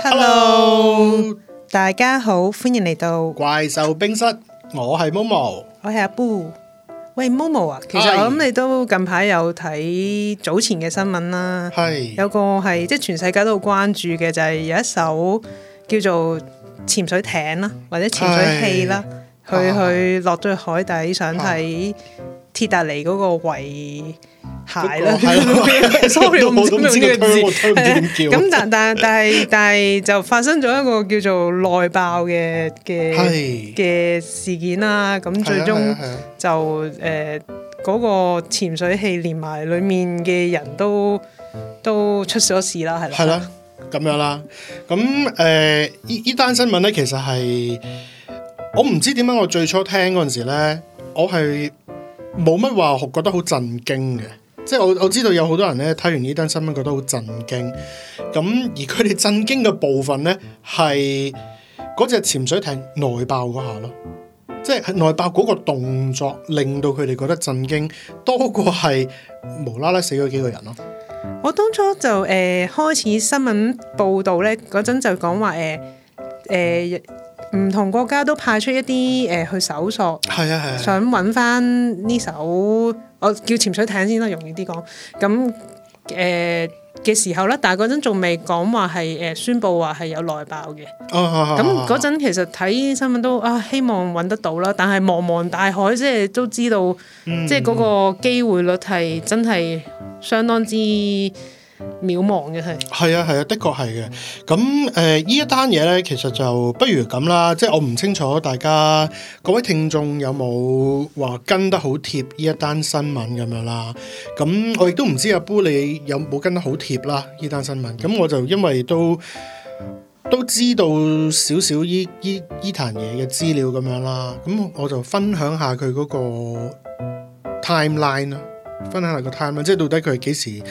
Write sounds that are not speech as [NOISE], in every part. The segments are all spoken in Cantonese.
Hello，, Hello. 大家好，歡迎嚟到怪獸冰室。我係 Momo 我係阿 Bo。喂，Momo 啊，是其實我諗你都近排有睇早前嘅新聞啦。係是，有個係即係全世界都好關注嘅就係、是、有一艘叫做潛水艇啦，或者潛水器啦，是去去落咗去海底想睇鐵達尼嗰個遺。鞋啦，sorry，唔、喔啊、 [LAUGHS] [LAUGHS] 知咩字，咁、啊、但但但係但係就發生咗一個叫做內爆嘅嘅嘅事件啦。咁最終、啊啊啊、就誒嗰、呃那個潛水器連埋裏面嘅人都都出咗事啦，係啦、啊。係啦、啊，咁樣啦。咁誒， [LAUGHS] 呢呢單新聞咧，其實係我唔知點解我最初聽嗰陣時咧，我係冇乜話覺得好震驚嘅。即係我我知道有好多人咧，睇完呢單新聞覺得好震驚，咁而佢哋震驚嘅部分咧，係嗰隻潛水艇內爆嗰下咯，即係內爆嗰個動作令到佢哋覺得震驚，多過係無啦啦死咗幾個人咯。我當初就誒、呃、開始新聞報道咧嗰陣就講話誒誒。呃呃唔同國家都派出一啲誒、呃、去搜索，係啊，係，想揾翻呢艘，我叫潛水艇先啦，容易啲講。咁誒嘅時候啦，但係嗰陣仲未講話係誒宣佈話係有內爆嘅，哦。哦咁嗰陣其實睇新聞都啊，希望揾得到啦，但係茫茫大海，即係都知道，嗯、即係嗰個機會率係真係相當之。渺茫嘅係，係啊係啊，的確係嘅。咁誒，呃、一呢一單嘢咧，其實就不如咁啦，即係我唔清楚大家各位聽眾有冇話跟得好貼呢一單新聞咁樣啦。咁我亦都唔知阿 Bo 你有冇跟得好貼啦呢單新聞。咁我就因為都都知道少少呢呢呢壇嘢嘅資料咁樣啦。咁我就分享下佢嗰個 timeline 咯，分享下個 timeline，即係到底佢係幾時。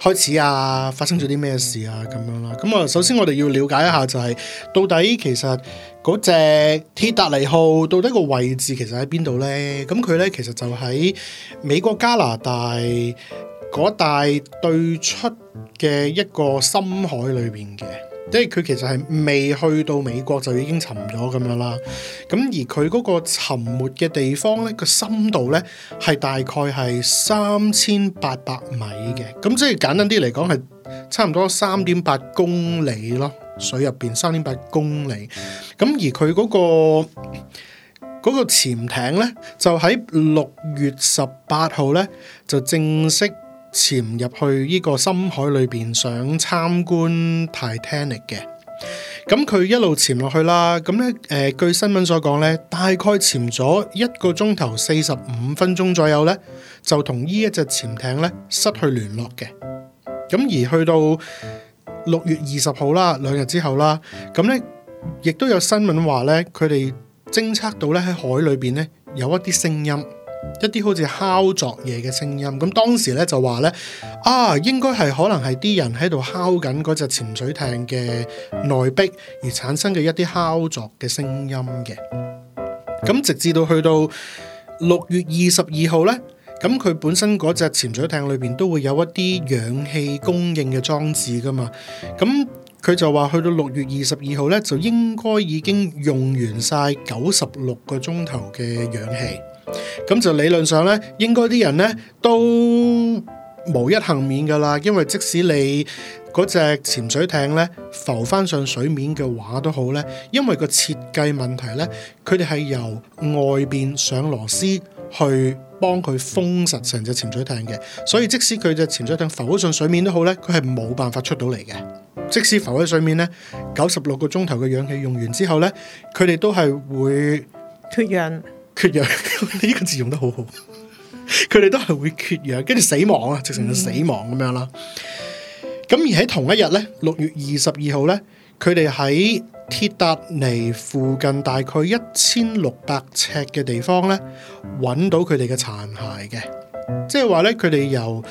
開始啊！發生咗啲咩事啊？咁樣啦。咁啊，首先我哋要了解一下就係，到底其實嗰隻鐵達尼號到底個位置其實喺邊度呢？咁佢咧其實就喺美國加拿大嗰大對出嘅一個深海裏邊嘅。即係佢其實係未去到美國就已經沉咗咁樣啦，咁而佢嗰個沉沒嘅地方咧，個深度咧係大概係三千八百米嘅，咁、嗯、即係簡單啲嚟講係差唔多三點八公里咯，水入面三點八公里，咁、嗯、而佢嗰個嗰個潛艇咧就喺六月十八號咧就正式。潛入去呢個深海裏邊想參觀 Titanic 嘅，咁佢一路潛落去啦，咁咧誒，據新聞所講咧，大概潛咗一個鐘頭四十五分鐘左右咧，就同呢一隻潛艇咧失去聯絡嘅。咁而去到六月二十號啦，兩日之後啦，咁咧亦都有新聞話咧，佢哋偵測到咧喺海裏邊咧有一啲聲音。一啲好似敲作嘢嘅聲音，咁當時咧就話咧啊，應該係可能係啲人喺度敲緊嗰隻潛水艇嘅內壁而產生嘅一啲敲作嘅聲音嘅。咁直至到去到六月二十二號咧，咁佢本身嗰隻潛水艇裏邊都會有一啲氧氣供應嘅裝置㗎嘛，咁佢就話去到六月二十二號咧，就應該已經用完晒九十六個鐘頭嘅氧氣。咁就理論上咧，應該啲人咧都無一幸免噶啦。因為即使你嗰隻潛水艇咧浮翻上水面嘅話都好咧，因為個設計問題咧，佢哋係由外邊上螺絲去幫佢封實成隻潛水艇嘅。所以即使佢隻潛水艇浮咗上水面都好咧，佢係冇辦法出到嚟嘅。即使浮喺水面咧，九十六個鐘頭嘅氧氣用完之後咧，佢哋都係會脫氧。缺氧呢 [LAUGHS] 個字用得好好，佢哋都係會缺氧，跟住死亡啊，直成個死亡咁樣啦。咁而喺同一日咧，六月二十二號咧，佢哋喺鐵達尼附近大概一千六百尺嘅地方咧，揾到佢哋嘅殘骸嘅，即係話咧，佢哋由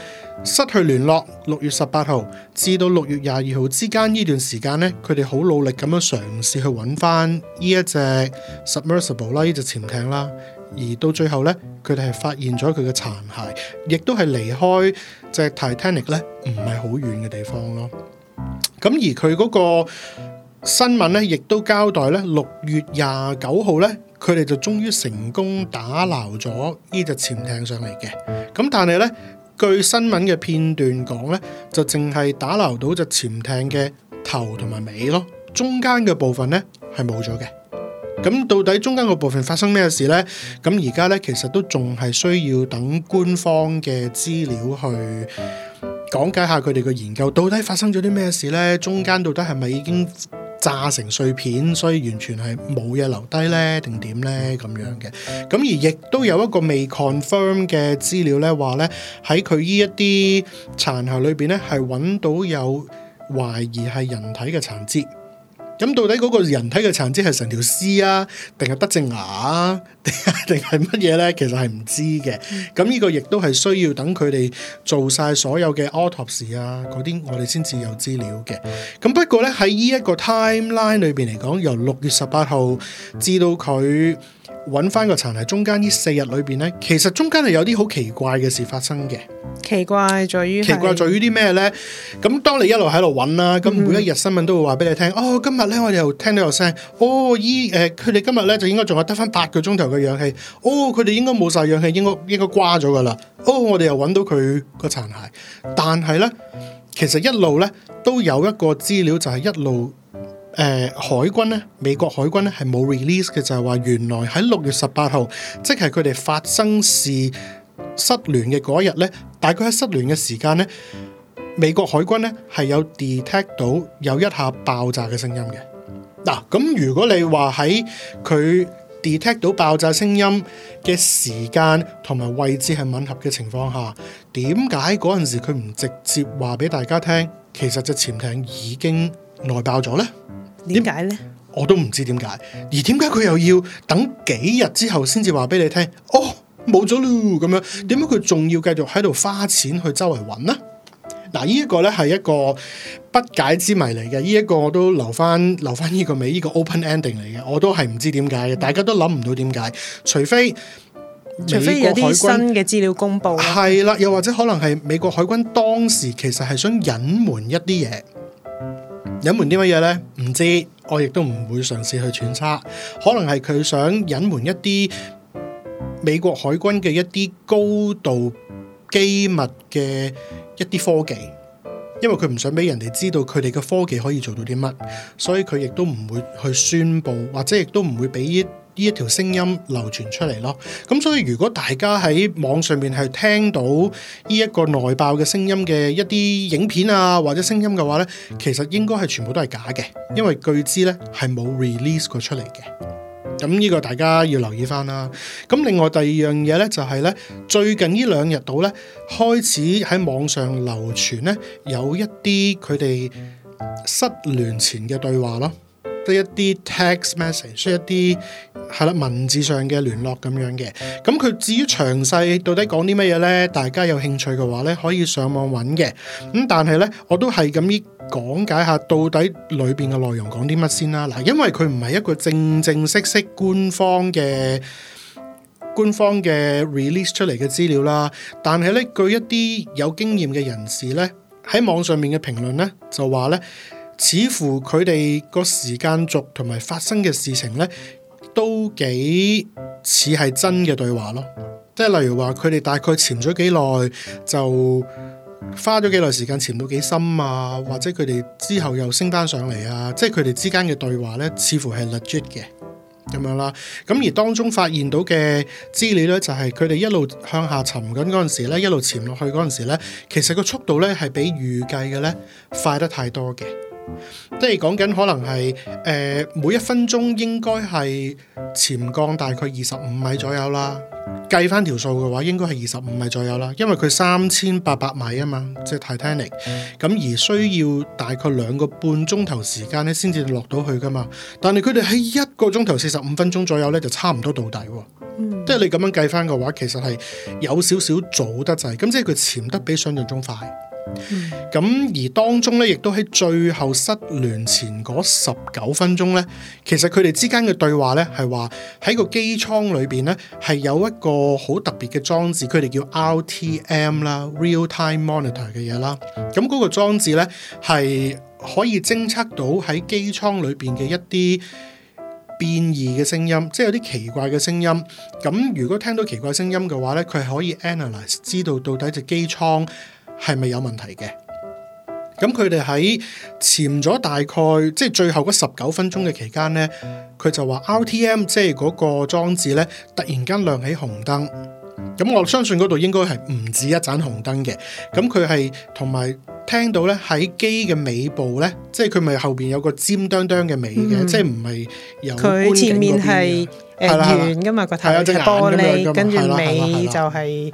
失去聯絡，六月十八號至到六月廿二號之間呢段時間，呢佢哋好努力咁樣嘗試去揾翻呢一隻 submersible 啦，呢隻潛艇啦，而到最後呢，佢哋係發現咗佢嘅殘骸，亦都係離開隻 Titanic 咧唔係好遠嘅地方咯。咁而佢嗰個新聞呢，亦都交代呢，六月廿九號呢，佢哋就終於成功打撈咗呢隻潛艇上嚟嘅。咁但係呢。據新聞嘅片段講咧，就淨係打撈到隻潛艇嘅頭同埋尾咯，中間嘅部分咧係冇咗嘅。咁到底中間個部分發生咩事呢？咁而家咧其實都仲係需要等官方嘅資料去講解下佢哋嘅研究到底發生咗啲咩事呢？中間到底係咪已經？炸成碎片，所以完全係冇嘢留低呢？定點呢？咁樣嘅。咁而亦都有一個未 confirm 嘅資料咧，話呢喺佢呢一啲殘骸裏邊呢，係揾到有懷疑係人體嘅殘肢。咁到底嗰個人體嘅殘肢係成條屍啊，定係得隻牙啊，定係乜嘢咧？其實係唔知嘅。咁呢個亦都係需要等佢哋做晒所有嘅 autopsy 啊，嗰啲我哋先至有資料嘅。咁不過咧喺呢一個 timeline 裏邊嚟講，由六月十八號至到佢，揾翻個殘骸，中間呢四日裏邊呢，其實中間係有啲好奇怪嘅事發生嘅。奇怪在於，奇怪在於啲咩呢？咁當你一路喺度揾啦，咁、嗯、哼每一日新聞都會話俾你、哦、聽。哦，呃、今日呢，我哋又聽到有聲。哦，依誒佢哋今日呢，就應該仲有得翻八個鐘頭嘅氧氣。哦，佢哋應該冇晒氧氣，應該應該瓜咗㗎喇。哦，我哋又揾到佢個殘骸，但係呢，其實一路呢，都有一個資料就係一路。誒、呃、海軍咧，美國海軍咧係冇 release 嘅，就係、是、話原來喺六月十八號，即係佢哋發生事失聯嘅嗰一日咧，大概喺失聯嘅時間咧，美國海軍咧係有 detect 到有一下爆炸嘅聲音嘅嗱。咁、啊、如果你話喺佢 detect 到爆炸聲音嘅時間同埋位置係吻合嘅情況下，點解嗰陣時佢唔直接話俾大家聽，其實隻潛艇已經內爆咗咧？點解咧？呢我都唔知點解，而點解佢又要等幾日之後先至話俾你聽？哦，冇咗咯，咁樣，點解佢仲要繼續喺度花錢去周圍揾呢？嗱、啊，這個、呢一個咧係一個不解之謎嚟嘅。呢、這、一個我都留翻，留翻呢個尾，呢、這個 open ending 嚟嘅。我都係唔知點解嘅，大家都諗唔到點解，除非，除非有啲新嘅資料公佈，係啦，又或者可能係美國海軍當時其實係想隱瞞一啲嘢。隱瞞啲乜嘢呢？唔知，我亦都唔會嘗試去揣測。可能係佢想隱瞞一啲美國海軍嘅一啲高度機密嘅一啲科技，因為佢唔想俾人哋知道佢哋嘅科技可以做到啲乜，所以佢亦都唔會去宣佈，或者亦都唔會俾。呢一條聲音流傳出嚟咯，咁所以如果大家喺網上面係聽到呢一個內爆嘅聲音嘅一啲影片啊或者聲音嘅話呢，其實應該係全部都係假嘅，因為據知呢係冇 release 過出嚟嘅。咁呢個大家要留意翻啦。咁另外第二樣嘢呢，就係呢最近呢兩日到呢，開始喺網上流傳呢有一啲佢哋失聯前嘅對話咯，得一啲 text message，得一啲。係啦，文字上嘅聯絡咁樣嘅，咁、嗯、佢至於詳細到底講啲乜嘢呢？大家有興趣嘅話呢，可以上網揾嘅。咁、嗯、但係呢，我都係咁意講解下，到底裏邊嘅內容講啲乜先啦。嗱、嗯，因為佢唔係一個正正式式官方嘅官方嘅 release 出嚟嘅資料啦，但係呢，據一啲有經驗嘅人士呢，喺網上面嘅評論呢，就話呢，似乎佢哋個時間軸同埋發生嘅事情呢。都幾似係真嘅對話咯，即係例如話佢哋大概潛咗幾耐，就花咗幾耐時間潛到幾深啊，或者佢哋之後又升單上嚟啊，即係佢哋之間嘅對話呢，似乎係 legit 嘅咁樣啦。咁而當中發現到嘅資料呢，就係佢哋一路向下沉緊嗰陣時咧，一路潛落去嗰陣時咧，其實個速度呢係比預計嘅呢快得太多嘅。即係講緊可能係誒、呃，每一分鐘應該係潛降大概二十五米左右啦。計翻條數嘅話，應該係二十五米左右啦。因為佢三千八百米啊嘛，即係 Titanic。咁、嗯、而需要大概兩個半鐘頭時間咧，先至落到去噶嘛。但係佢哋喺一個鐘頭四十五分鐘左右咧，就差唔多到底。嗯、即係你咁樣計翻嘅話，其實係有少少早得滯。咁即係佢潛得比想象中快。咁、嗯、而當中咧，亦都喺最後失聯前嗰十九分鐘咧,其實佢哋之間嘅對話咧，係話喺個機艙裏邊咧，係有一個好特別嘅裝置，佢哋叫 RTM 啦，Real Time Monitor 嘅嘢啦。咁嗰個裝置咧，係可以偵測到喺機艙裏邊嘅一啲變異嘅聲音，即係有啲奇怪嘅聲音。咁如果聽到奇怪聲音嘅話咧，佢係可以 analyze 知道到底隻機艙。係咪有問題嘅？咁佢哋喺潛咗大概即係、就是、最後嗰十九分鐘嘅期間咧，佢就話 RTM 即係嗰個裝置咧，突然間亮起紅燈。咁我相信嗰度應該係唔止一盞紅燈嘅。咁佢係同埋聽到咧，喺機嘅尾部咧，即係佢咪後邊有個尖端端嘅尾嘅，嗯、即係唔係由佢前面係圓嘅嘛，因為個頭有隻玻璃，是是跟住尾就係、是、誒。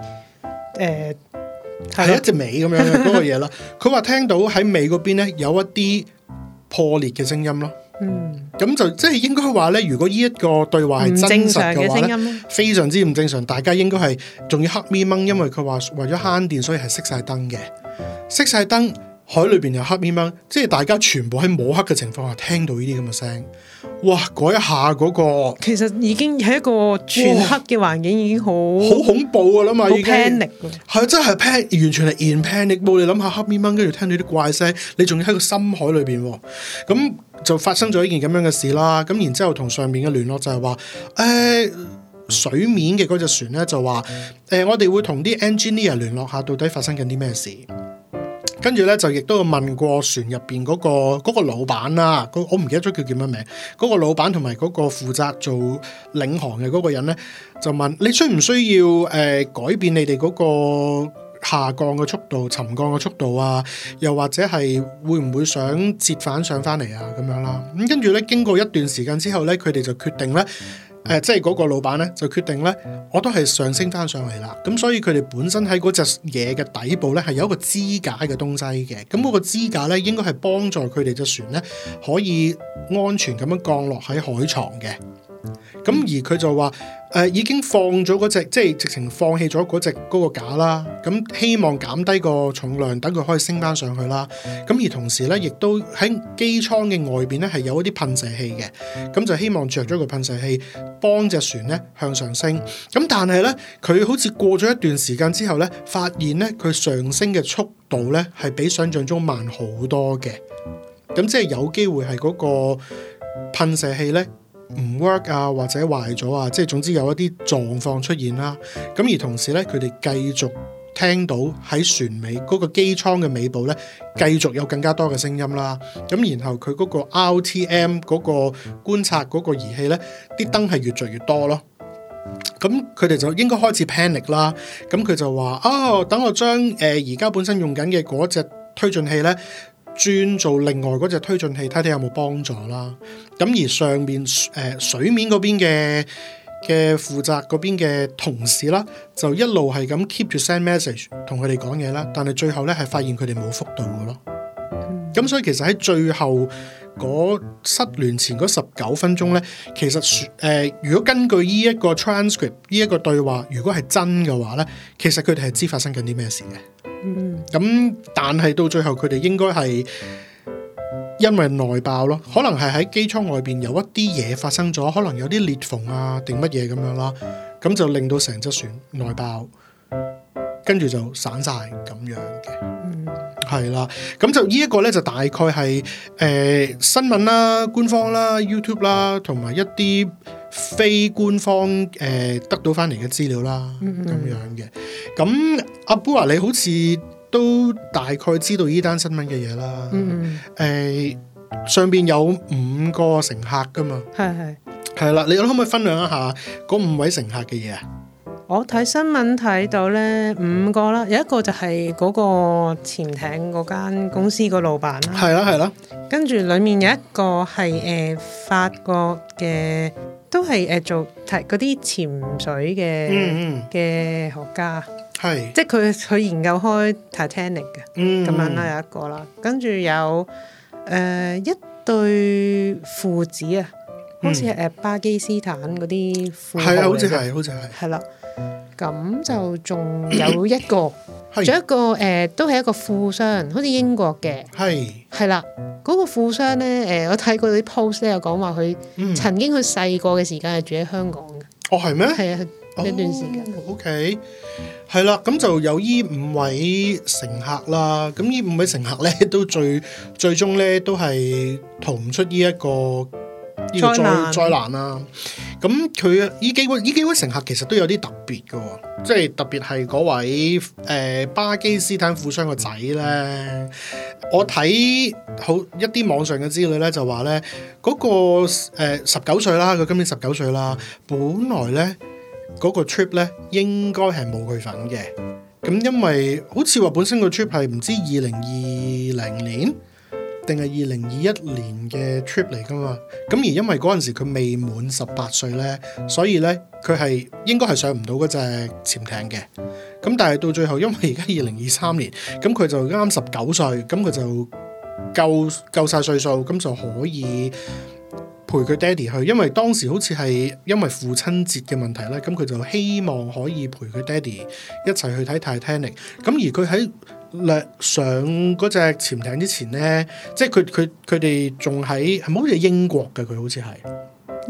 呃呃係一隻尾咁樣嗰個嘢啦，佢話聽到喺尾嗰邊咧有一啲破裂嘅聲音咯，嗯，嗯，咁就即係應該話咧，如果呢一個對話係真實嘅話咧，唔正常嘅聲音呢？非常之唔正常，大家應該係仲要黑咪掹，因為佢話為咗慳電，所以係熄晒燈嘅，熄晒燈。海裏邊有黑咪蚊，即係大家全部喺摸黑嘅情況下聽到呢啲咁嘅聲，哇！嗰一下嗰、嗰個其實已經係一個全黑嘅環境，已經好好哇恐怖噶啦嘛，好 panic 係真係 pan 完全係 in panic。你諗下黑咪蚊，跟住聽到啲怪聲，你仲要喺個深海裏邊，咁就發生咗一件咁樣嘅事啦。咁然之後同上面嘅聯絡就係話，誒、呃、水面嘅嗰隻船咧就話，誒、嗯呃、我哋會同啲 engineer 聯絡下到底發生緊啲咩事。跟住咧就亦都問過船入邊嗰個老闆啦，我唔記得咗佢叫乜名。嗰、嗰個老闆同埋嗰個負責做領航嘅嗰個人咧，就問你需唔需要誒、呃、改變你哋嗰個下降嘅速度、沉降嘅速度啊？又或者係會唔會想折返上翻嚟啊？咁樣啦。咁跟住咧，經過一段時間之後咧，佢哋就決定咧。嗯誒，即係嗰個老闆咧，就決定咧，我都係上升返上嚟啦。咁所以佢哋本身喺嗰隻嘢嘅底部咧，係有一個支架嘅東西嘅。咁嗰個支架咧，應該係幫助佢哋隻船咧，可以安全咁樣降落喺海床嘅。咁、嗯、而佢就話誒、呃，已經放咗嗰隻，即係直情放棄咗嗰隻嗰、嗰個架啦。咁希望減低個重量，等佢可以升翻上去啦。咁而同時咧，亦都喺機艙嘅外邊咧係有一啲噴射器嘅。咁就希望着咗個噴射器幫隻船咧向上升。咁但係咧，佢好似過咗一段時間之後咧，發現咧佢上升嘅速度咧係比想象中慢好多嘅。咁即係有機會係嗰個噴射器咧？唔 work 啊，或者壞咗啊，即係總之有一啲狀況出現啦。咁而同時咧，佢哋繼續聽到喺船尾嗰個機艙嘅尾部咧，繼續有更加多嘅聲音啦。咁然後佢嗰個 RTM 嗰個觀察嗰個儀器咧，啲燈係越聚越多咯。咁佢哋就應該開始 panic 啦。咁、嗯、佢就話啊、哦，等我將誒而家本身用緊嘅嗰隻推進器咧。轉做另外嗰隻推進器，睇睇有冇幫助啦。咁而上面誒、呃、水面嗰邊嘅嘅負責嗰邊嘅同事啦，就一路係咁 keep 住 send message 同佢哋講嘢啦。但係最後咧係發現佢哋冇覆到嘅咯。咁、嗯、所以其實喺最後，嗰失聯前嗰十九分鐘咧，其實誒、呃，如果根據呢一個 transcript 呢一個對話，如果係真嘅話咧，其實佢哋係知發生緊啲咩事嘅。嗯，咁但係到最後佢哋應該係因為內爆咯，可能係喺機艙外邊有一啲嘢發生咗，可能有啲裂縫啊定乜嘢咁樣啦，咁就令到成隻船內爆。跟住就散晒，咁樣嘅，係啦、嗯。咁就呢一個咧，就大概係誒、呃、新聞啦、官方啦、YouTube 啦，同埋一啲非官方誒、呃、得到翻嚟嘅資料啦咁、嗯嗯、樣嘅。咁阿 Bo 啊你好似都大概知道呢單新聞嘅嘢啦。誒、嗯嗯呃、上邊有五個乘客噶嘛？係係係啦。你可唔可以分享一下嗰五位乘客嘅嘢啊？我睇新聞睇到咧五個啦，有一個就係嗰個潛艇嗰間公司個老闆啦。係啦，係啦。跟住裡面有一個係誒、呃、法國嘅，都係誒、呃、做提嗰啲潛水嘅嘅、嗯、學家。係 yes,，即係佢佢研究開 Titanic 嘅咁樣啦，有一個啦。跟住有誒一對父子啊，好似係誒巴基斯坦嗰啲富豪嚟嘅。係啊，好似係，好似係。係啦。 [LAUGHS] 咁就仲有一個，仲有一個誒，都係一個富商，好似英國嘅，係係啦，嗰個富商咧，誒，我睇過啲 post 咧，有講話佢曾經佢細個嘅時間係住喺香港嘅，哦係咩？係啊，一段時間。OK，係啦，咁就有呢五位乘客啦，咁呢五位乘客咧都最最終咧都係逃唔出呢一個。災難啦。咁佢呢幾位，呢幾位乘客其實都有啲特別嘅，即係特別係嗰位誒、呃、巴基斯坦富商個仔咧。我睇好一啲網上嘅資料咧，就話咧嗰個十九、呃、歲啦，佢今年十九歲啦。本來咧嗰，嗰個 trip 咧應該係冇佢份嘅，咁因為好似話本身個 trip 係唔知二零二零年。定係二零二一年嘅 trip 嚟噶嘛？咁而因為嗰陣時佢未滿十八歲咧，所以咧佢係應該係上唔到嗰隻潛艇嘅。咁但係到最後，因為而家二零二三年，咁佢就啱啱十九歲，咁佢就夠夠晒歲數，咁就可以陪佢爹哋去。因為當時好似係因為父親節嘅問題咧，咁佢就希望可以陪佢爹哋一齊去睇 Titanic。咁而佢喺，略上嗰隻潛艇之前咧，即係佢佢佢哋仲喺係咪好似英國嘅佢好似係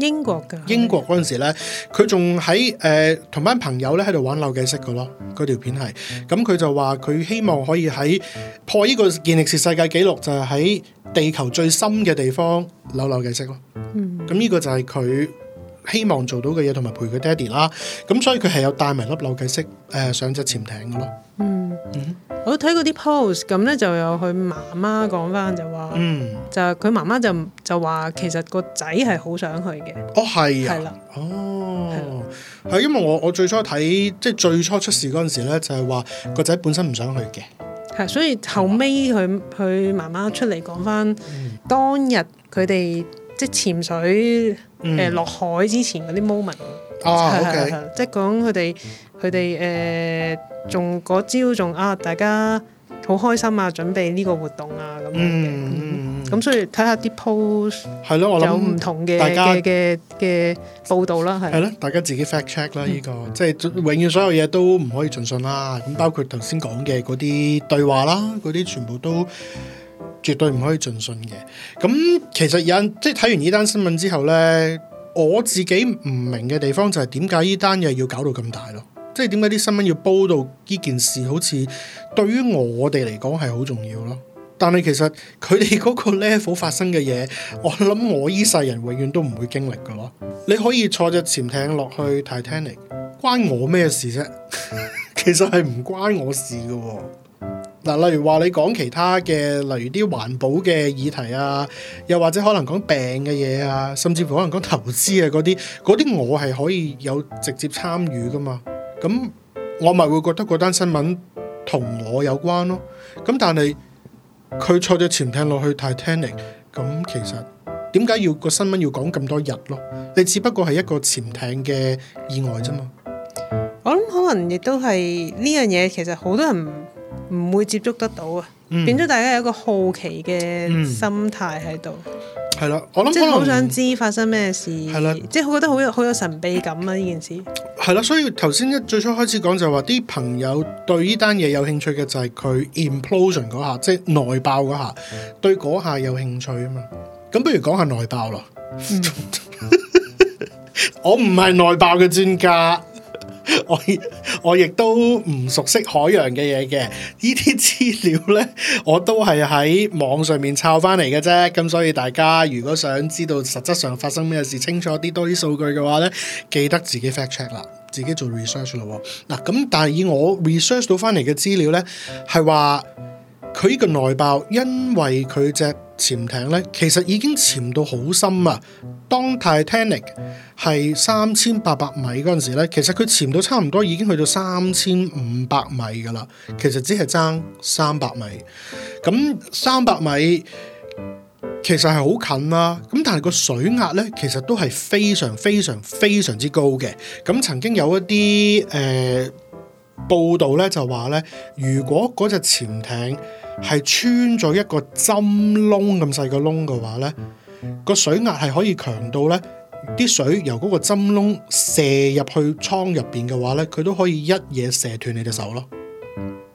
[NOISE] 英國嘅英國嗰陣時咧，佢仲喺誒同班朋友咧喺度玩扭計骰嘅咯，嗰、那、條、個、片係咁佢就話佢希望可以喺 [NOISE] 破呢個健力士世界紀錄就係、是、喺地球最深嘅地方扭扭計骰咯，柳柳 [NOISE] 嗯咁呢個就係佢。希望做到嘅嘢同埋陪佢爹哋啦，咁、嗯、所以佢係有帶埋粒扭計骰誒、呃、上隻潛艇嘅咯。嗯嗯，嗯我都睇嗰啲 post，咁咧就有佢媽媽講翻就話，就佢媽媽就就話其實個仔係好想去嘅。哦係啊，係啦了，哦係，因為我我最初睇即係最初出事嗰陣時咧就係話個仔本身唔想去嘅，係、啊、所以後尾佢佢媽媽出嚟講翻當日佢哋即係潛水。嗯嗯誒落、嗯、海之前嗰啲 moment，係即係、哦、講佢哋佢哋誒，仲嗰朝仲啊，大家好開心啊，準備呢個活動啊咁咁、嗯、所以睇下啲 post 係咯，我諗有唔同嘅嘅嘅嘅報導啦，係。係咯，大家自己 fact check 啦、這個，呢個、嗯、即係永遠所有嘢都唔可以盡信啦。咁包括頭先講嘅嗰啲對話啦，嗰啲全部都。絕對唔可以盡信嘅。咁其實有即係睇完呢單新聞之後咧，我自己唔明嘅地方就係點解呢單嘢要搞到咁大咯？即係點解啲新聞要煲到呢件事好似對於我哋嚟講係好重要咯？但係其實佢哋嗰個 level 發生嘅嘢，我諗我呢世人永遠都唔會經歷嘅咯。你可以坐隻潛艇落去 Titanic，關我咩事啫？ [LAUGHS] 其實係唔關我的事嘅喎。嗱，例如話你講其他嘅，例如啲環保嘅議題啊，又或者可能講病嘅嘢啊，甚至乎可能講投資啊嗰啲，嗰啲我係可以有直接參與噶嘛。咁我咪會覺得嗰單新聞同我有關咯。咁但係佢坐咗潛艇落去 Titanic，咁其實點解要個新聞要講咁多日咯？你只不過係一個潛艇嘅意外啫嘛。我諗可能亦都係呢樣嘢，其實好多人，唔會接觸得到啊，嗯、變咗大家有一個好奇嘅心態喺度，係啦、嗯，我諗即係好想知發生咩事，係啦的，即係覺得好有好有神秘感啊！呢件事係啦，所以頭先一最初開始講就話啲朋友對呢單嘢有興趣嘅就係佢 implosion 嗰下，即係內爆嗰下，對嗰下有興趣啊嘛，咁不如講下內爆咯，嗯、 [LAUGHS] [LAUGHS] 我唔係內爆嘅專家。 [LAUGHS] 我我亦都唔熟悉海洋嘅嘢嘅，呢啲資料呢，我都係喺網上面抄翻嚟嘅啫。咁所以大家如果想知道實質上發生咩事清楚啲多啲數據嘅話呢，記得自己 fact check 啦，自己做 research 咯。嗱，咁但係以我 research 到翻嚟嘅資料呢，係話佢呢個內爆，因為佢隻潛艇咧，其實已經潛到好深啊！當 Titanic 係三千八百米嗰陣時咧，其實佢潛到差唔多已經去到三千五百米㗎喇。其實只係爭三百米。咁三百米其實係好近啦，啊。咁但係個水壓咧，其實都係非常非常非常之高嘅。咁曾經有一啲誒、呃、報道咧，就話咧，如果嗰隻潛艇係穿咗一個針窿咁細個窿嘅話咧，個水壓係可以強到咧，啲水由嗰個針窿射入去倉入邊嘅話咧，佢都可以一嘢射斷你隻手咯。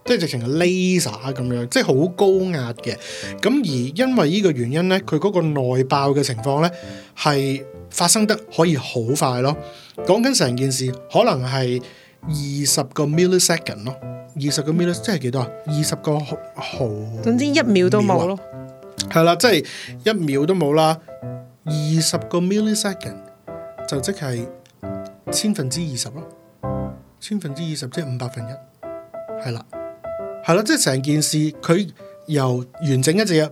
即係直情係 laser 咁樣，即係好高壓嘅。咁而因為呢個原因咧，佢嗰個內爆嘅情況咧，係發生得可以好快咯。講緊成件事可能係二十個 millisecond 咯。二十個 millis 即係幾多啊？二十個毫，毫秒啊，總之一秒都冇咯。係啦，即係一秒都冇啦。二十個 millisecond 就即係千分之二十咯。千分之二十即係五百分一。係啦，係啦，即係成件事佢由完整一隻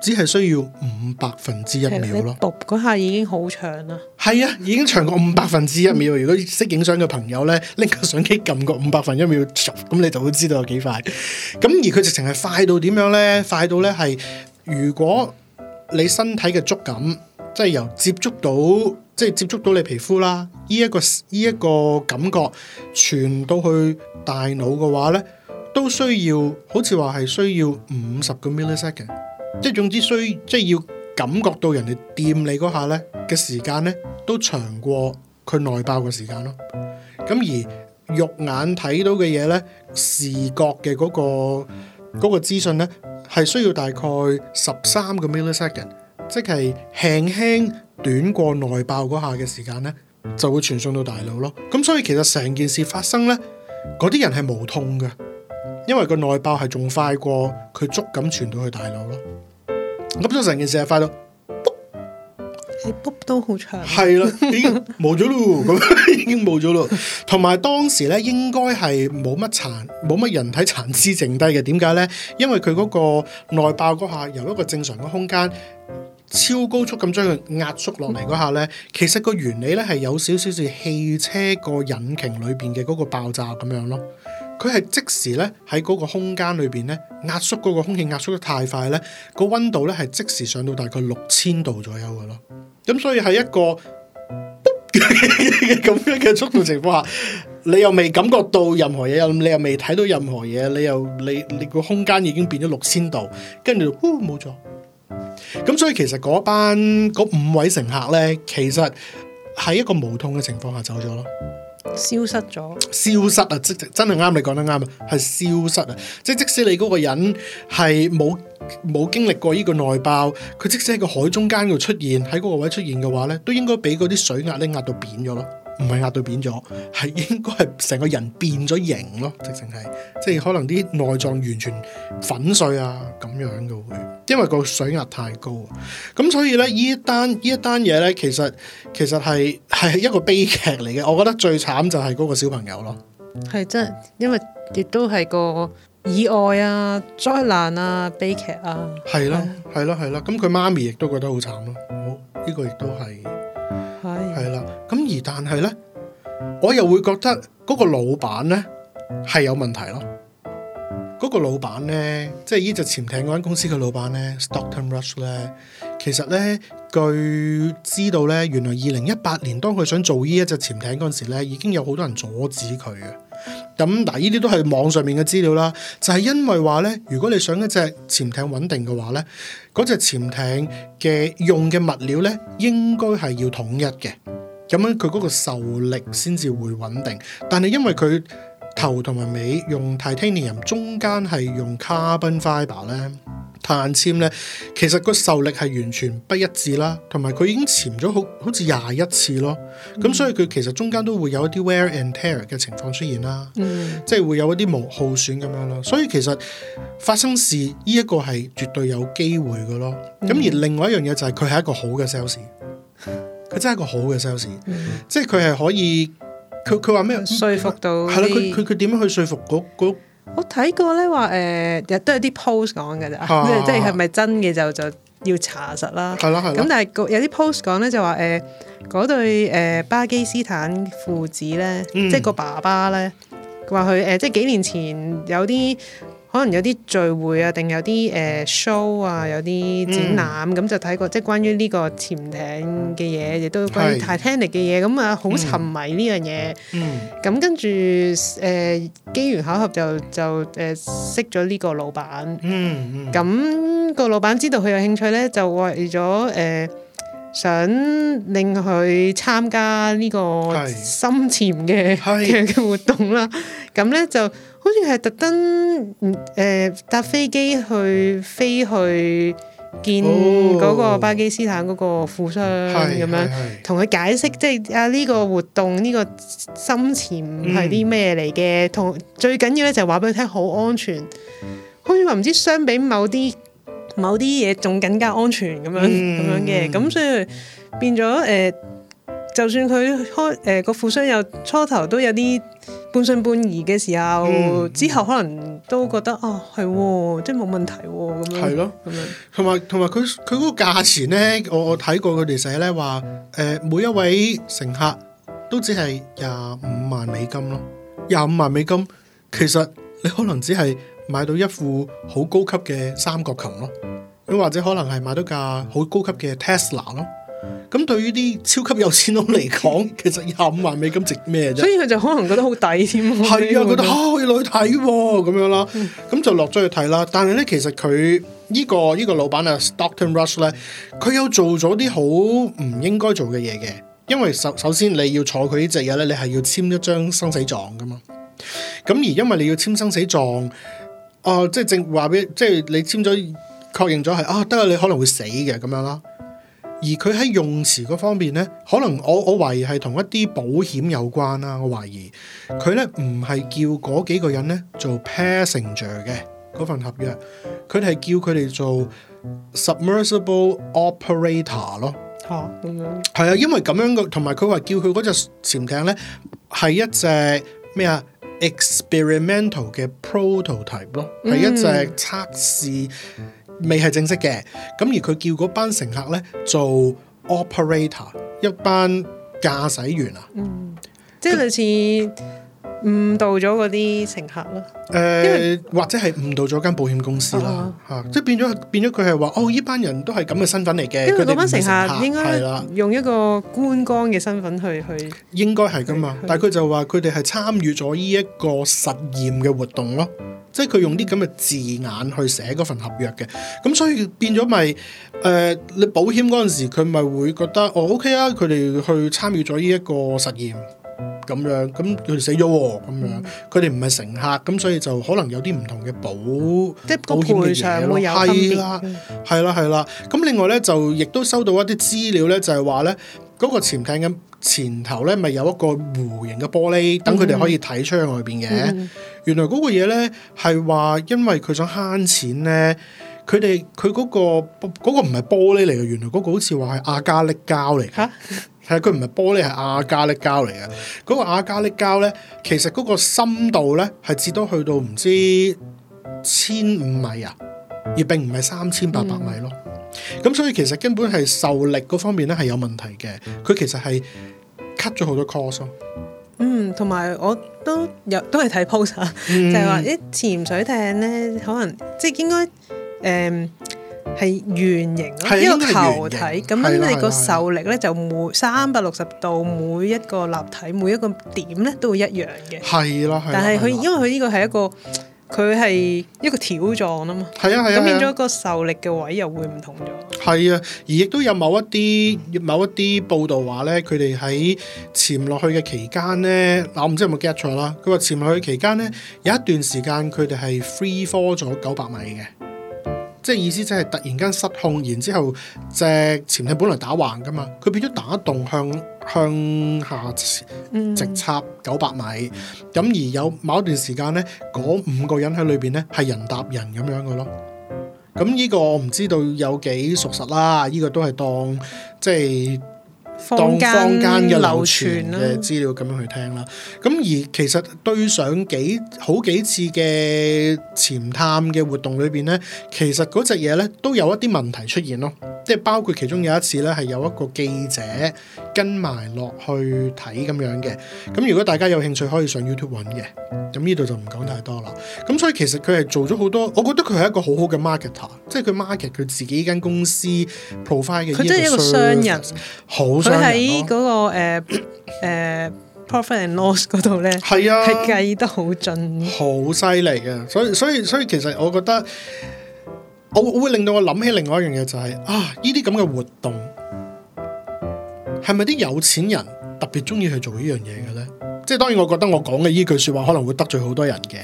只係需要五百分之一秒咯，讀嗰下已經好長啦。係啊，已經長過五百分之一秒。如果識影相嘅朋友咧，拎個相機撳個五百分一秒，咁你就會知道有幾快。咁、嗯、而佢直情係快到點樣咧？快到咧係，如果你身體嘅觸感，即係由接觸到，即係接觸到你皮膚啦，呢一個依一個感覺傳到去大腦嘅話咧，都需要好似話係需要五十個 millisecond。即係總之需即係要感覺到人哋掂你嗰下咧嘅時間咧，都長過佢內爆嘅時間咯。咁而肉眼睇到嘅嘢咧，視覺嘅嗰、那個嗰、那個資訊咧，係需要大概十三個 m i l l s e c o n d 即係輕輕短過內爆嗰下嘅時間咧，就會傳送到大腦咯。咁、嗯、所以其實成件事發生咧，嗰啲人係無痛嘅，因為個內爆係仲快過佢足咁傳到去大腦咯。冧咗成件事，快到，你卜都好長。係啦， [NOISE] 已經冇咗咯，咁已經冇咗咯。同埋當時咧，應該係冇乜殘，冇乜人體殘肢剩低嘅。點解咧？因為佢嗰個內爆嗰下，由一個正常嘅空間超高速咁將佢壓縮落嚟嗰下咧，嗯、其實個原理咧係有少少似汽車個引擎裏邊嘅嗰個爆炸咁樣咯。佢係即時咧喺嗰個空間裏邊咧，壓縮嗰個空氣壓縮得太快咧，個溫度咧係即時上到大概六千度左右嘅咯。咁所以喺一個咁 [LAUGHS] 樣嘅速度情況下，你又未感覺到任何嘢，又你又未睇到任何嘢，你又你你個空間已經變咗六千度，跟住就，冇、呃、錯。咁所以其實嗰班嗰五位乘客咧，其實喺一個無痛嘅情況下走咗咯。消失咗，消失啊！即真係啱你講得啱啊，係消失啊！即即使你嗰個人係冇冇經歷過呢個內爆，佢即使喺個海中間度出現，喺嗰個位出現嘅話咧，都應該俾嗰啲水壓咧壓到扁咗咯。唔係壓到扁咗，係應該係成個人變咗形咯，直情係，即係可能啲內臟完全粉碎啊咁樣嘅會，因為個水壓太高啊。咁所以咧，呢一單依一單呢一單嘢咧，其實其實係係一個悲劇嚟嘅。我覺得最慘就係嗰個小朋友咯，係真的，嗯、因為亦都係個意外啊、災難啊、悲劇啊。係咯的，係咯、嗯，係咯。咁佢媽咪亦都覺得好慘咯。好，呢、呢個亦都係。係啦，咁而但係咧，我又會覺得嗰個老闆咧係有問題咯。嗰個老闆咧，即係依隻潛艇嗰間公司嘅老闆咧，Stockton Rush 咧，其實咧據知道咧，原來二零一八年當佢想做呢一隻潛艇嗰陣時咧，已經有好多人阻止佢嘅。咁嗱，呢啲都係網上面嘅資料啦，就係因為話咧，如果你想一隻潛艇穩定嘅話咧，嗰隻潛艇嘅用嘅物料咧，應該係要統一嘅，咁樣佢嗰個受力先至會穩定。但係因為佢頭同埋尾用 Titanium，中間係用 Carbon Fiber 咧。碳纖咧，其實個受力係完全不一致啦，同埋佢已經潛咗好好似廿一次咯，咁、嗯、所以佢其實中間都會有一啲 wear and tear 嘅情況出現啦，嗯、即係會有一啲磨耗損咁樣咯。所以其實發生事呢一、呢個係絕對有機會嘅咯。咁、嗯、而另外一樣嘢就係佢係一個好嘅 sales，佢真係一個好嘅 sales、嗯、即係佢係可以佢佢話咩？說，說服到係啦、嗯，佢佢佢點樣去說服、嗰個我睇過咧話誒，有、呃、都有啲 post 講嘅咋，啊、即係係咪真嘅就就要查實啦。係咯係咯。咁但係有啲 post 講咧就話誒，嗰、呃、對、呃、巴基斯坦父子咧，嗯、即係個爸爸咧話佢誒，即係幾年前有啲，可能有啲聚會啊，定有啲誒、呃、show 啊，有啲展覽咁、嗯、就睇過，即係關於呢個潛艇嘅嘢，亦都關於 Titanic 嘅嘢，咁啊好沉迷呢樣嘢。咁、嗯、跟住誒機緣巧合就就誒、呃、識咗呢個老闆。咁、嗯嗯、個老闆知道佢有興趣咧，就為咗誒、呃想令佢參加呢個深潛嘅嘅活動啦，咁咧是是 [LAUGHS] 就好似係特登誒搭飛機去飛去見嗰個巴基斯坦嗰個富商咁、哦、樣，同佢是解釋即係、就是、啊呢、呢個活動呢、呢個深潛係啲咩嚟嘅，嗯、同最緊要咧就係話俾佢聽好安全，嗯、好似話唔知相比某啲。某啲嘢仲更加安全咁、嗯、樣咁樣嘅，咁、嗯、所以變咗誒、呃，就算佢開誒個富商，呃、副有初頭都有啲半信半疑嘅時候，嗯、之後可能都覺得、嗯、哦係、哦，即係冇問題咁、哦、樣。係咯了，咁樣同埋同埋佢佢嗰個價錢咧，我我睇過佢哋寫咧話，誒、呃、每一位乘客都只係廿五萬美金咯，廿五萬美金，其實你可能只係。買到一副好高級嘅三角琴咯，咁或者可能係買到架好高級嘅 Tesla 咯。咁對於啲超級有錢佬嚟講， [LAUGHS] 其實廿五萬美金值咩啫？所以佢就可能覺得好抵添。係啊，覺得可以落去睇喎，咁樣啦，咁就落咗去睇啦。但係咧，其實佢呢、呢個呢、呢個老闆啊，Stockton Rush 咧，佢有做咗啲好唔應該做嘅嘢嘅。因為首首先你要坐佢呢隻嘢咧，你係要簽一張生死狀噶嘛。咁而因為你要簽生死狀。啊、哦！即係政話俾，即係你簽咗確認咗係啊，得啦！你可能會死嘅咁樣啦。而佢喺用詞嗰方面咧，可能我我懷疑係同一啲保險有關啦。我懷疑佢咧唔係叫嗰幾個人咧做 passenger 嘅嗰份合約，佢哋係叫佢哋做 submersible operator 咯。嚇咁樣。Oh, yeah. 係啊，因為咁樣嘅，同埋佢話叫佢嗰隻潛艇咧係一隻咩啊？experimental 嘅 prototype 咯，係、嗯、一隻測試，未係正式嘅。咁而佢叫嗰班乘客咧做 operator，一班駕駛員啊，嗯，即係類似。誤導咗嗰啲乘客咯，誒、呃，或者係誤導咗間保險公司啦，吓、啊啊啊，即係變咗變咗佢係話哦，呢班人都係咁嘅身份嚟嘅，因為班乘客，乘客應該係啦，用一個觀光嘅身份去去，應該係噶嘛，但係佢就話佢哋係參與咗呢一個實驗嘅活動咯，即係佢用啲咁嘅字眼去寫嗰份合約嘅，咁所以變咗咪誒，你保險嗰陣時佢咪會覺得哦，O K 啊，佢哋去參與咗呢一個實驗。咁樣，咁佢哋死咗喎，咁樣，佢哋唔係乘客，咁所以就可能有啲唔同嘅保，即係是保險嘅嘢咯，個賠償會有嘅，係啦，係啦，係啦，咁另外咧就亦都收到一啲資料咧，就係話咧嗰個潛艇嘅前頭咧咪有一個弧形嘅玻璃，等佢哋可以睇出外邊嘅。原來嗰個嘢咧係話因為佢想慳錢咧，佢哋佢嗰個嗰個唔係玻璃嚟嘅，原來嗰個好似話係阿加力膠嚟嘅。啊係佢唔係玻璃，係亞加力膠嚟嘅。嗰、嗰個亞加力膠咧，其實嗰個深度咧係至多去到唔知千五米啊，而並唔係三千八百米咯。咁、嗯、所以其實根本係受力嗰方面咧係有問題嘅。佢其實係 cut 咗好多 course，嗯，同埋我都有都係睇 post 啊，就係話啲潛水艇咧，可能即係應該誒。嗯係圓形咯，一個球體，咁樣你個受力咧就每三百六十度每一個立體每一個點咧都會一樣嘅。係啦，係。但係佢因為佢呢個係一個佢係一個條狀啊嘛。係啊係啊。咁變咗個受力嘅位又會唔同咗。係啊，而亦都有某一啲某一啲報道話咧，佢哋喺潛落去嘅期間咧，嗱我唔知有冇 get 錯啦？佢話潛落去期間咧有一段時間佢哋係 free fall 咗九百米嘅。即係意思即係突然間失控，然之後隻潛艇本來打橫㗎嘛，佢變咗打棟向向下直插九百米。咁、嗯、而有某一段時間呢，嗰五個人喺裏邊呢，係人搭人咁樣嘅咯。咁呢個我唔知道有幾屬實啦，呢、這個都係當即係。當坊間嘅流傳嘅資料咁樣去聽啦，咁而其實對上幾好幾次嘅潛探嘅活動裏邊咧，其實嗰隻嘢咧都有一啲問題出現咯，即係包括其中有一次咧係有一個記者。跟埋落去睇咁樣嘅，咁如果大家有興趣，可以上 YouTube 揾嘅。咁呢度就唔講太多啦。咁所以其實佢係做咗好多，我覺得佢係一個好好嘅 marketer 即係佢 market 佢自己依間公司 profile 嘅。佢真係一個商人，好想喺嗰個誒、呃呃、profit and loss 嗰度呢，係啊，係計得好盡，好犀利嘅。所以所以所以其實我覺得，我，我會令到我諗起另外一樣嘢就係、是、啊，依啲咁嘅活動。係咪啲有錢人特別中意去做呢樣嘢嘅咧？即係當然，我覺得我講嘅呢句說話可能會得罪好多人嘅。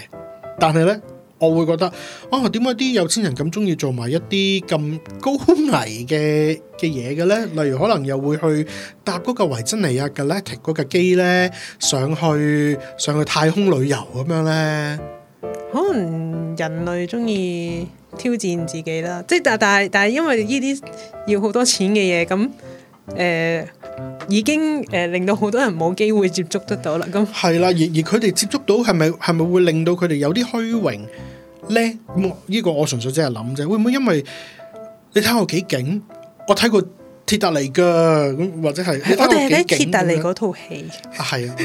但係咧，我會覺得啊，點解啲有錢人咁中意做埋一啲咁高危嘅嘅嘢嘅咧？例如可能又會去搭嗰架維珍尼亞嘅 Galactic 咧，嗰架機咧上去上去太空旅遊咁樣咧？可能人類中意挑戰自己啦。即係但但係但係，因為呢啲要好多錢嘅嘢咁。誒、呃、已經誒、呃、令到好多人冇機會接觸得到啦，咁係啦，而而佢哋接觸到係咪係咪會令到佢哋有啲虛榮咧？咁、這、依個我純粹即係諗啫，會唔會因為你睇我幾勁？我睇過《鐵達尼》噶咁，或者係我哋係睇《鐵達尼》嗰套戲。係啊，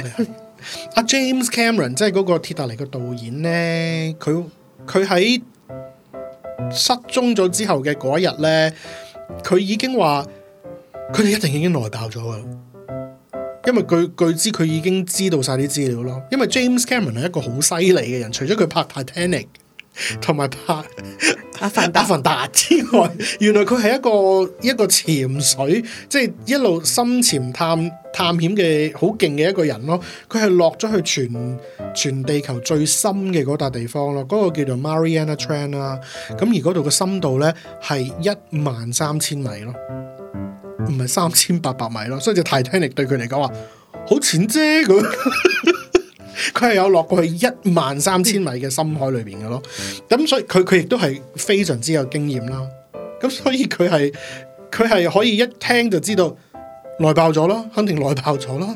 阿、 [LAUGHS] 啊、James Cameron 即係嗰個《鐵達尼》嘅導演咧，佢佢喺失蹤咗之後嘅嗰一日咧，佢已經話。佢哋一定已經內爆咗噶，因為據據知佢已經知道晒啲資料咯。因為 James Cameron 係一個好犀利嘅人，除咗佢拍，拍《Titanic》同埋拍阿凡阿凡達之外，原來佢係一個一個潛水，即係一路深潛探探險嘅好勁嘅一個人咯。佢係落咗去全全地球最深嘅嗰笪地方咯，嗰、那個叫做 Mariana Trench 啦。咁而嗰度嘅深度咧係一萬三千米咯。唔係三千八百米咯，所以隻 Titanic 對佢嚟講話好淺啫，佢佢係有落過去一萬三千米嘅深海裏面嘅咯，咁所以佢佢亦都係非常之有經驗啦，咁所以佢係佢係可以一聽就知道內爆咗咯，肯定內爆咗咯，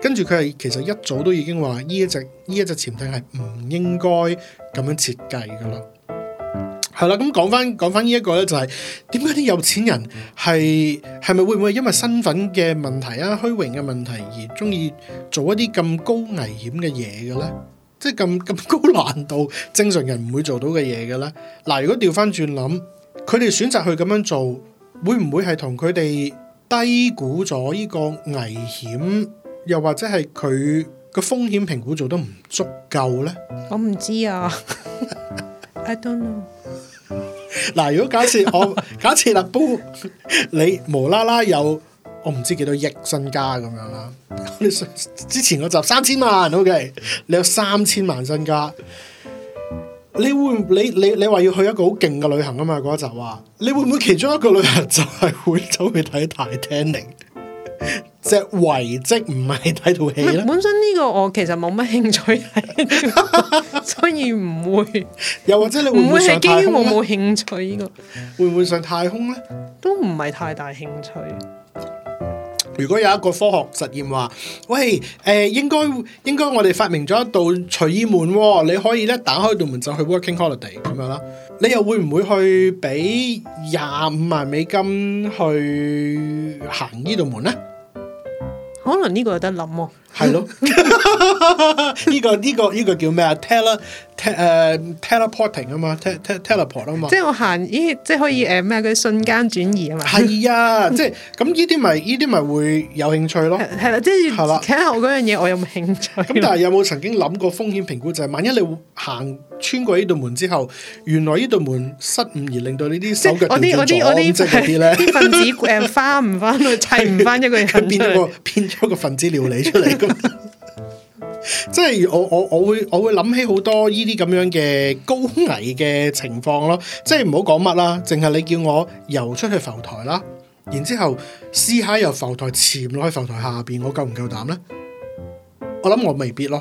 跟住佢係其實一早都已經話呢一隻呢一隻潛艇係唔應該咁樣設計㗎喇。係啦，咁講翻講翻呢一個咧、就是，就係點解啲有錢人係係咪會唔會因為身份嘅問題啊、虛榮嘅問題而中意做一啲咁高危險嘅嘢嘅咧？即係咁咁高難度，正常人唔會做到嘅嘢嘅咧。嗱，如果調翻轉諗，佢哋選擇去咁樣做，會唔會係同佢哋低估咗呢個危險，又或者係佢個風險評估做得唔足夠咧？我唔知啊。 [LAUGHS] I don't know。嗱，如果假設我假設啦，不過 [LAUGHS] [LAUGHS] 你無啦啦有我唔知幾多億身家咁樣啦，我之前嗰集三千萬，OK，你有三千萬身家，你會唔你你你話要去一個好勁嘅旅行啊嘛？嗰一集話，你會唔會其中一個旅行就係會走去睇泰坦尼克？隻遺迹唔係睇套戲，本身呢個我其實冇乜興趣睇， [LAUGHS] 所以唔會。又或者你會唔會係基於我冇興趣呢個？會唔會上太空呢？都唔係太大興趣。如果有一個科學實驗話，喂，誒、呃，應該應該我哋發明咗一道隨意門、哦，你可以咧打開呢道門就去 Working Holiday 咁樣啦。你又會唔會去俾廿五萬美金去行呢道門呢？可能呢個有得諗喎。係咯，呢個呢、呢個呢、呢個叫咩啊？tele 誒 te,、uh,，teleporting 啊嘛，teleport 啊嘛。Te, te, 嘛即係我行依，即係可以誒咩？佢、嗯、瞬間轉移啊嘛。係啊， [LAUGHS] 即係咁呢啲咪呢啲咪會有興趣咯。係啦，即係其實我嗰樣嘢我又唔興趣。咁 [LAUGHS] 但係有冇曾經諗過風險評估就係、是、萬一你行穿過呢度門之後，原來呢度門失誤而令到你啲手腳跌咗，我我我即係嗰啲咧分子誒翻唔翻，砌唔翻一個嘢，變咗個變咗個分子料理出嚟。 [LAUGHS] [LAUGHS] 即係我我我會我會諗起好多呢啲咁樣嘅高危嘅情況咯，即係唔好講乜啦，淨係你叫我游出去浮台啦，然之後試下，由浮台潛落去浮台下邊，我夠唔夠膽呢？我諗我未必咯，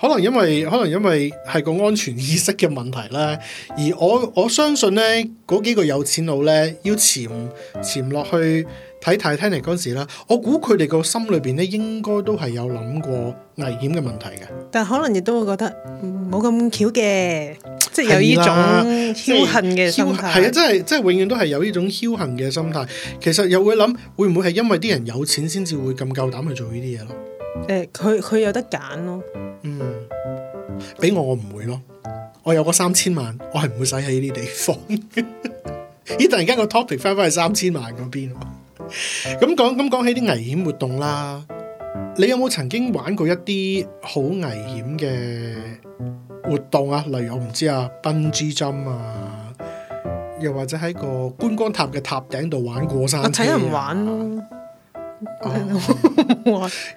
可能因為可能因為係個安全意識嘅問題咧，而我我相信咧嗰幾個有錢佬咧要潛潛落去，睇 Titanic 嗰時啦，我估佢哋個心裏邊咧應該都係有諗過危險嘅問題嘅。但可能亦都會覺得冇咁、嗯、巧嘅，即係有呢種僥倖嘅心態。係啊，即係真係永遠都係有呢種僥倖嘅心態。其實又會諗，會唔會係因為啲人有錢先至會咁夠膽去做呢啲嘢咯？誒，佢佢有得揀咯。嗯，俾我我唔會咯。我有個三千萬，我係唔會使喺呢啲地方。咦？ [LAUGHS] 突然間個 topic 翻返去三千萬嗰邊。咁講咁講起啲危險活動啦，你有冇曾經玩過一啲好危險嘅活動啊？例如我唔知啊，笨豬跳啊，又或者喺個觀光塔嘅塔頂度玩過山車，我睇人玩。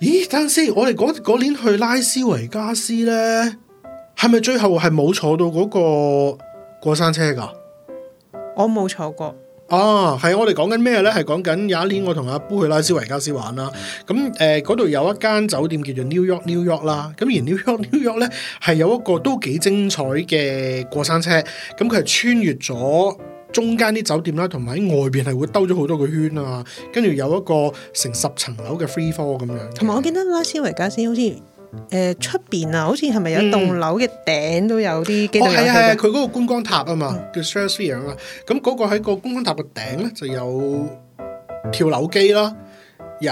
咦，等陣先，我哋嗰年去拉斯維加斯咧，係咪最後係冇坐到嗰個過山車㗎？我冇坐過。哦，係啊！我哋講緊咩咧？係講緊有一年我同阿僕去拉斯維加斯玩啦。咁誒，嗰、呃、度有一間酒店叫做 New York New York 啦。咁而 New York New York 咧，係有一個都幾精彩嘅過山車。咁佢係穿越咗中間啲酒店啦，同埋喺外邊係會兜咗好多個圈啊。跟住有一個成十層樓嘅 free four 咁樣。同埋我記得拉斯維加斯好似。誒，出邊、呃、啊，好似係咪有棟樓嘅頂都有啲機、嗯？哦，係啊係啊，佢嗰、嗯、個觀光塔啊嘛，嗯、叫 Stratosphere 啊嘛，咁、嗯、嗰個喺個觀光塔嘅頂咧就有跳樓機啦，有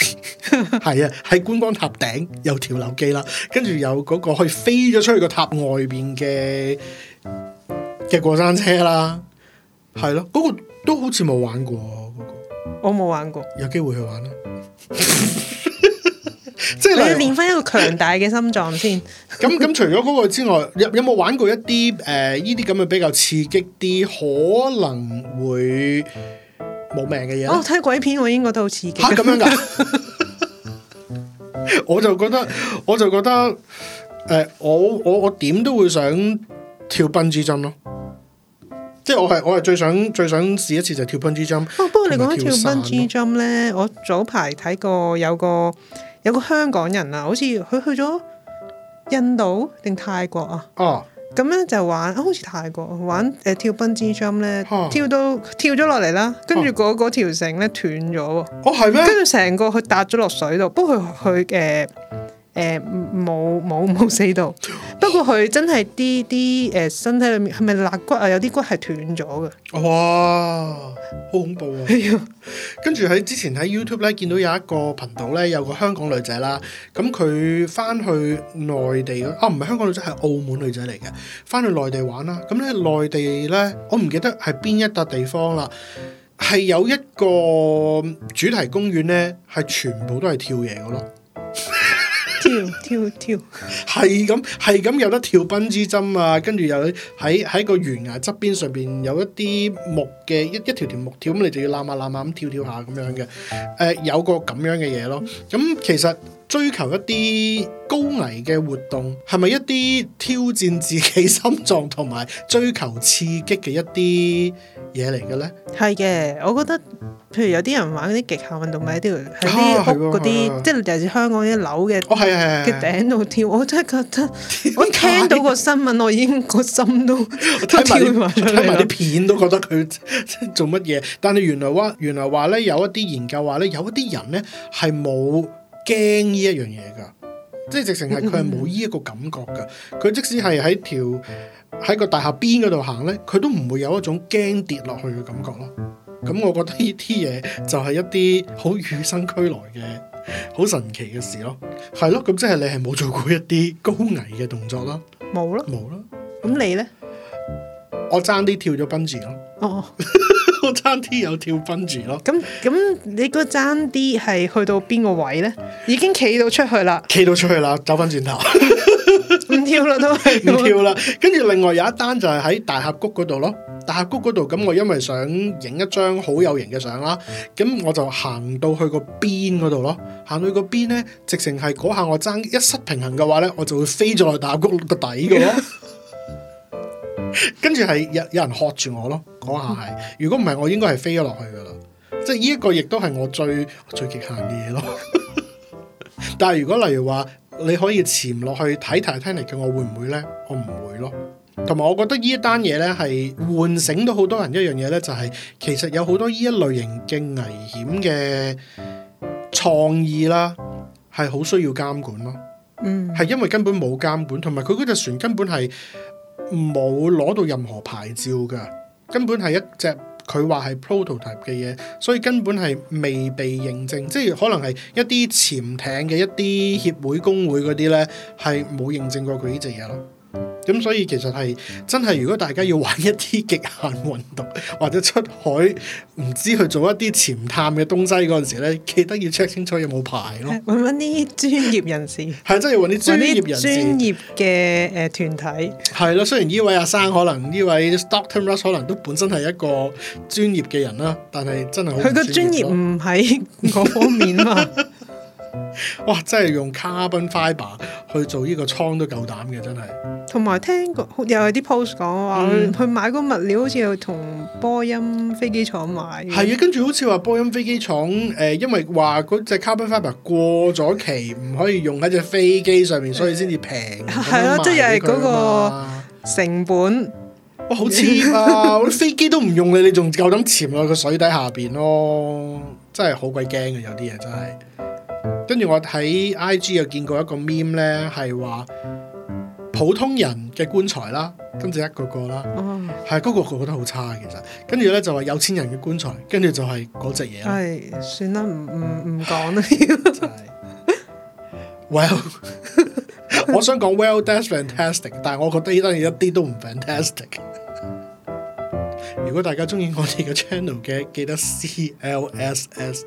係啊，喺 [LAUGHS] [LAUGHS] 觀光塔頂有跳樓機啦，跟住有嗰個可以飛咗出去個塔外邊嘅嘅過山車啦，係咯，嗰、嗰個都好似冇玩過嗰個，我冇玩過，那個、玩過有機會去玩啦。 [LAUGHS] 即係你要練翻一個強大嘅心臟先 [LAUGHS] 咁咁除咗嗰個之外，有有冇玩過一啲誒呢啲咁嘅比較刺激啲，可能會冇命嘅嘢？我睇、哦、鬼片，我應該都好刺激。咁、啊、樣噶？我就覺得，我就覺得，誒，我我我點都會想跳 bungee jump 咯。即係我係我係最想最想試一次就跳 bungee jump。哦，不過你講緊跳 bungee jump 咧，我早排睇過有個。有個香港人啊，好似佢去咗印度定泰國啊，咁咧、oh. 就玩，好似泰國玩誒跳 bungee jump 咧，跳, jump, Huh. 跳到跳咗落嚟啦，跟住嗰嗰條繩咧斷咗喎，哦係咩？跟住成個佢搭咗落水度，不過佢誒。誒冇冇冇死到， [LAUGHS] 不過佢真係啲啲誒身體裏面係咪肋骨啊？有啲骨係斷咗嘅。哇，好恐怖啊！ [LAUGHS] 跟住喺之前喺 YouTube 咧見到有一個頻道咧，有個香港女仔啦，咁佢翻去內地咯。啊，唔係香港女仔，係澳門女仔嚟嘅，翻去內地玩啦。咁、嗯、咧內地咧，我唔記得係邊一笪地方啦，係有一個主題公園咧，係全部都係跳嘢嘅咯。跳跳，係咁係咁有得跳奔之針啊。跟住又喺喺個懸崖側邊上邊有一啲木嘅一一條條木條咁，你就要攬下攬下咁跳跳下咁樣嘅，誒、呃、有個咁樣嘅嘢咯。咁、嗯、其實～追求一啲高危嘅活動，係咪一啲挑戰自己心臟同埋追求刺激嘅一啲嘢嚟嘅咧？係嘅，我覺得，譬如有啲人玩嗰啲極限運動，咪喺啲喺啲屋嗰啲，即係尤其是香港一樓嘅，哦係係嘅頂度跳，我真係覺得，何我聽到個新聞，我已經個心都， [LAUGHS] 我完都跳埋，睇埋啲片都覺得佢做乜嘢？但係原來話，原來話咧，有一啲研究話咧，有一啲人咧係冇。驚呢一樣嘢噶，即係直情係佢係冇呢一個感覺噶。佢、嗯、即使係喺條喺個大廈邊嗰度行咧，佢都唔會有一種驚跌落去嘅感覺咯。咁我覺得呢啲嘢就係一啲好與生俱來嘅好神奇嘅事咯。係咯，咁即係你係冇做過一啲高危嘅動作啦，冇啦，冇啦。咁你咧？我爭啲跳咗笨豬跳咯。哦。爭啲又跳笨豬咯，咁咁你個爭啲係去到邊個位呢？已經企到出去啦，企到出去啦，走翻轉頭，唔 [LAUGHS] [LAUGHS] 跳啦都係唔跳啦。跟住另外有一單就係喺大峽谷嗰度咯，大峽谷嗰度咁，我因為想影一張好有型嘅相啦，咁我就行到去個邊嗰度咯，行到去個邊呢，直情係嗰下我爭一失平衡嘅話呢，我就會飛咗落大峽谷個底噶咯。跟住係有有人喝住我咯，嗰下係。如果唔係，我應該係飛咗落去噶啦。即係呢一個亦都係我最我最極限嘅嘢咯。 [LAUGHS] 但係如果例如話你可以潛落去睇 Titanic 嘅，我會唔會呢？我唔會咯。同埋我覺得呢一單嘢呢係喚醒到好多人一樣嘢呢，就係其實有好多呢一類型嘅危險嘅創意啦，係好需要監管咯。嗯，係因為根本冇監管，同埋佢嗰隻船根本係。冇攞到任何牌照㗎，根本係一隻佢話係 prototype 嘅嘢，所以根本係未被認證，即係可能係一啲潛艇嘅一啲協會工會嗰啲咧，係冇認證過佢呢隻嘢咯。咁、嗯、所以其實係真係，如果大家要玩一啲極限運動或者出海，唔知去做一啲潛探嘅東西嗰陣時咧，記得要 check 清楚有冇牌咯。揾翻啲專業人士，係真係要揾啲專業人士。專業嘅誒團體係咯，雖然呢位阿生可能呢 [LAUGHS] 位 Stockton Rush 可能都本身係一個專業嘅人啦，但係真係佢個專業唔喺嗰方面嘛。 [LAUGHS] 哇！真係用 carbon fiber 去做呢個倉都夠膽嘅，真係。同埋聽過又係啲 post 講話去去買個物料，好似要同波音飛機廠買。係啊、嗯，跟住好似話波音飛機廠誒，因為話嗰隻 carbon fiber 過咗期，唔、嗯、可以用喺隻飛機上面，嗯、所以先至平。係啊、嗯嗯，即係又係嗰個成本。哇，好 cheap 啊， [LAUGHS] 我啲飛機都唔用你，你仲夠膽潛落個水底下邊咯？真係好鬼驚嘅，有啲嘢真係。跟住我喺 IG 又見過一個 meme 咧，係話普通人嘅棺材啦，跟住一個個啦，係、oh. 嗰個個覺得好差其實。跟住咧就話有錢人嘅棺材，跟住就係嗰隻嘢啦。係算啦，唔唔唔講啦。Well， [LAUGHS] 我想講 Well that's fantastic，但係我覺得呢單嘢一啲都唔 fantastic。如果大家中意我哋嘅 channel 嘅，記得 C L S S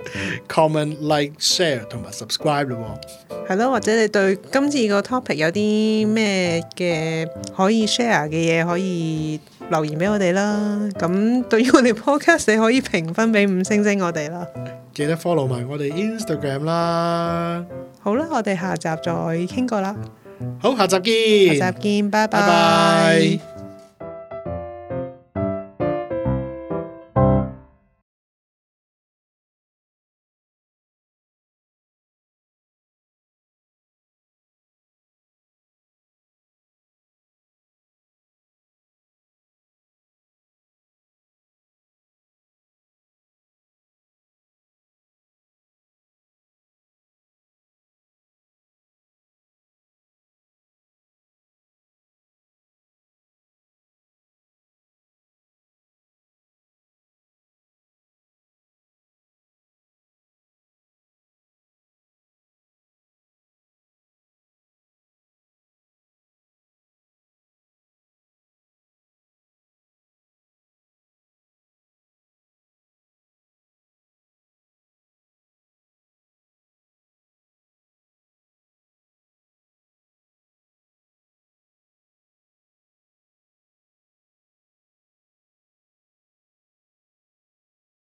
comment like share 同埋 subscribe 咯。係咯，或者你對今次個 topic 有啲咩嘅可以 share 嘅嘢，可以留言俾我哋啦。咁對於我哋 podcast，你可以評分俾五星星我哋啦。記得 follow 埋我哋 Instagram 啦。好啦，我哋下集再傾過啦。好，下集見。下集見，拜拜。Bye bye